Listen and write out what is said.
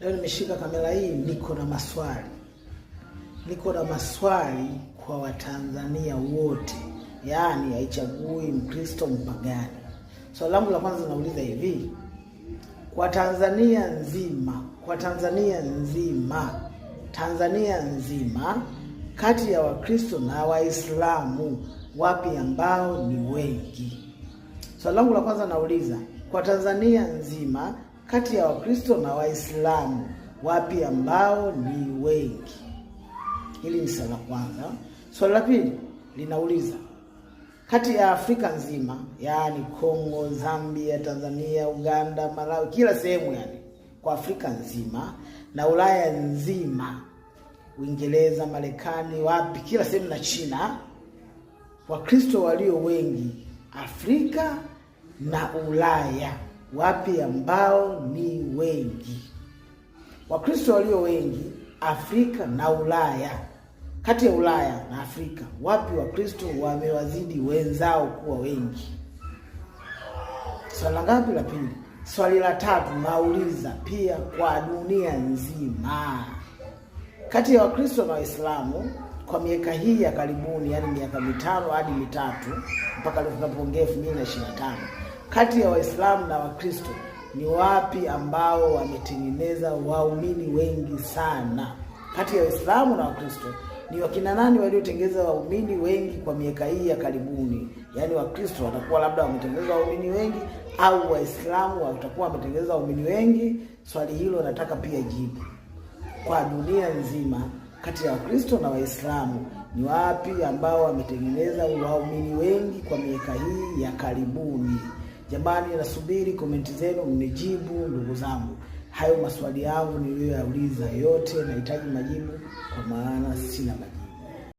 Leo nimeshika kamera hii, niko na maswali, niko na maswali kwa Watanzania wote, yaani haichagui Mkristo mpagani. Swali so, langu la kwanza nauliza hivi kwa Tanzania nzima, kwa Tanzania nzima, Tanzania nzima, kati ya Wakristo na Waislamu wapi ambao ni wengi? Swali so, langu la kwanza nauliza kwa Tanzania nzima kati ya Wakristo na Waislamu, wapi ambao ni wengi. Hili ni swali la kwanza. Swali la pili linauliza kati ya Afrika nzima, yaani Kongo, Zambia, Tanzania, Uganda, Malawi, kila sehemu yani kwa Afrika nzima na Ulaya nzima, Uingereza, Marekani, wapi, kila sehemu na China, Wakristo walio wengi Afrika na Ulaya wapi ambao ni wengi Wakristo walio wengi Afrika na Ulaya, kati ya Ulaya na Afrika, wapi Wakristo wamewazidi wenzao kuwa wengi? Swali la ngapi? La pili. Swali la tatu nauliza pia kwa dunia nzima, kati ya Wakristo na Waislamu kwa miaka hii ya karibuni, yaani miaka mitano hadi mitatu mpaka tunapoongea elfu mbili na ishirini na tano kati ya Waislamu na Wakristo ni wapi ambao wametengeneza waumini wengi sana? Kati ya Waislamu na Wakristo ni wakina nani waliotengeneza waumini wengi kwa miaka hii ya karibuni? Yaani Wakristo watakuwa labda wametengeneza waumini wengi au Waislamu watakuwa wametengeneza waumini wengi? Swali hilo nataka pia jibu kwa dunia nzima. Kati ya Wakristo na Waislamu ni wapi ambao wametengeneza waumini wengi kwa miaka hii ya karibuni? Jamani, nasubiri komenti zenu mnijibu, ndugu zangu, hayo maswali yangu niliyoyauliza yote nahitaji majibu, kwa maana sina majibu.